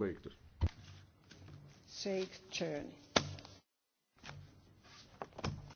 baigtas. Safe journey.